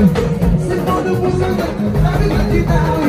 Simple, simple, simple, simple, simple, simple, simple, simple,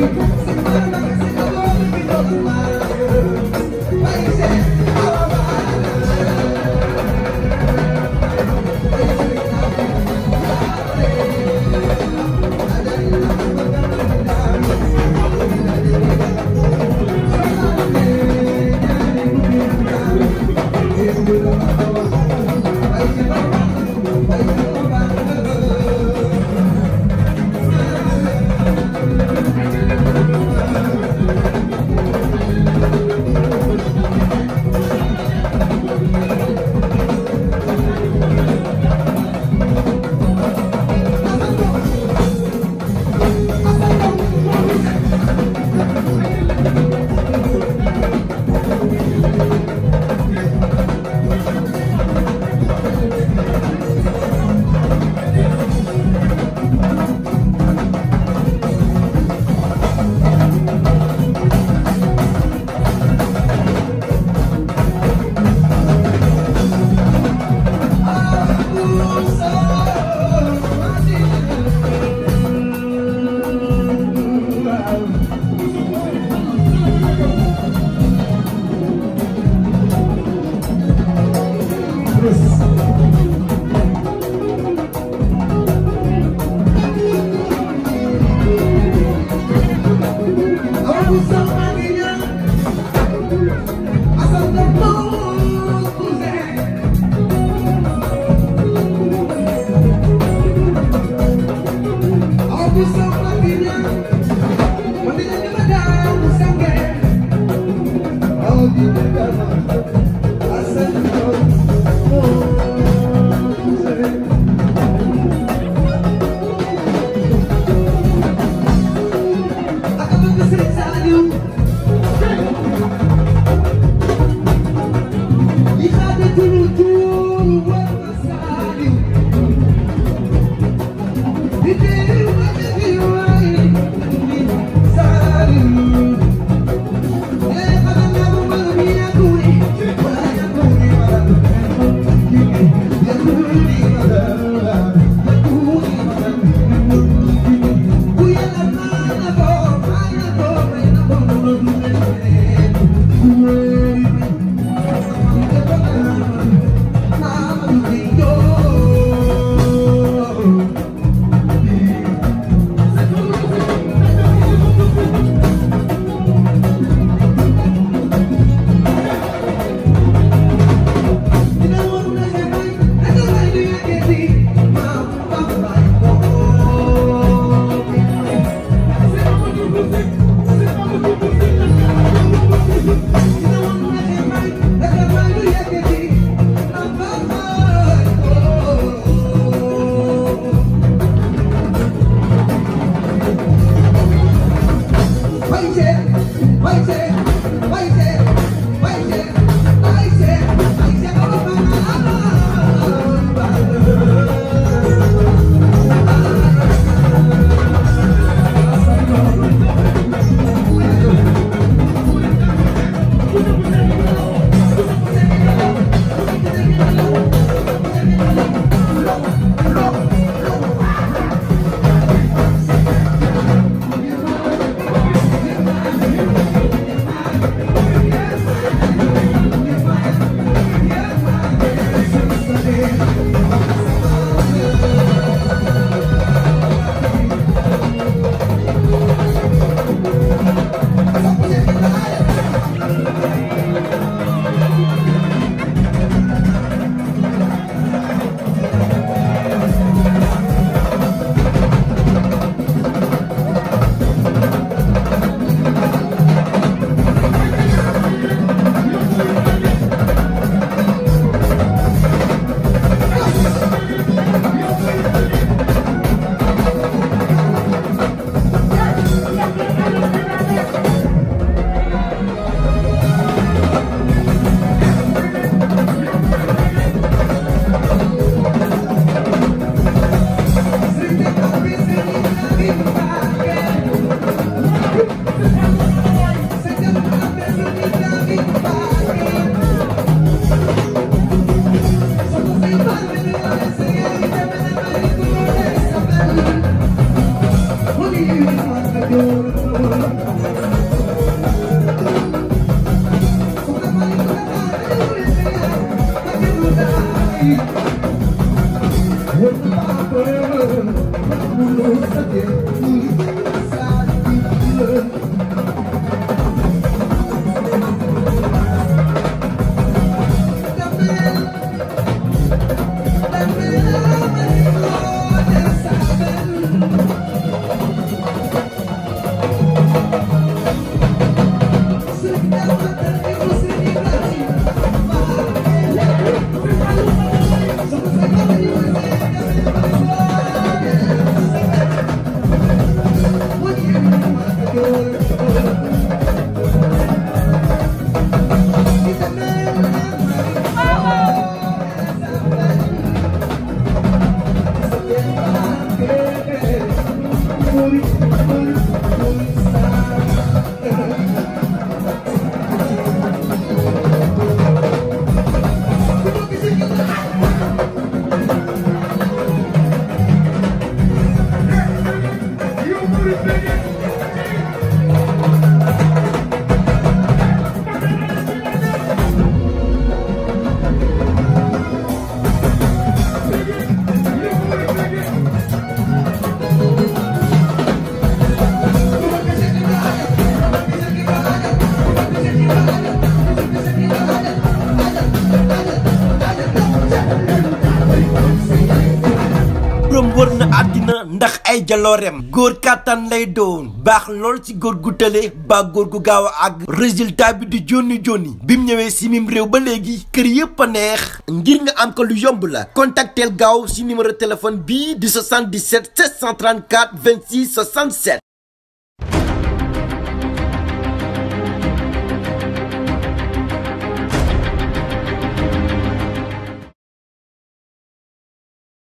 jaloorem góor kàttan lay doon baax lool ci góor gu tële ba góor gu gaaw ak àgg résultat bi di jonni jonni bi mu ñëwee si mim réew ba léegi kër yépp a neex ngir nga am ko lu yomb la contacteel gaaw si numéro téléphone bii di 77 734 26 67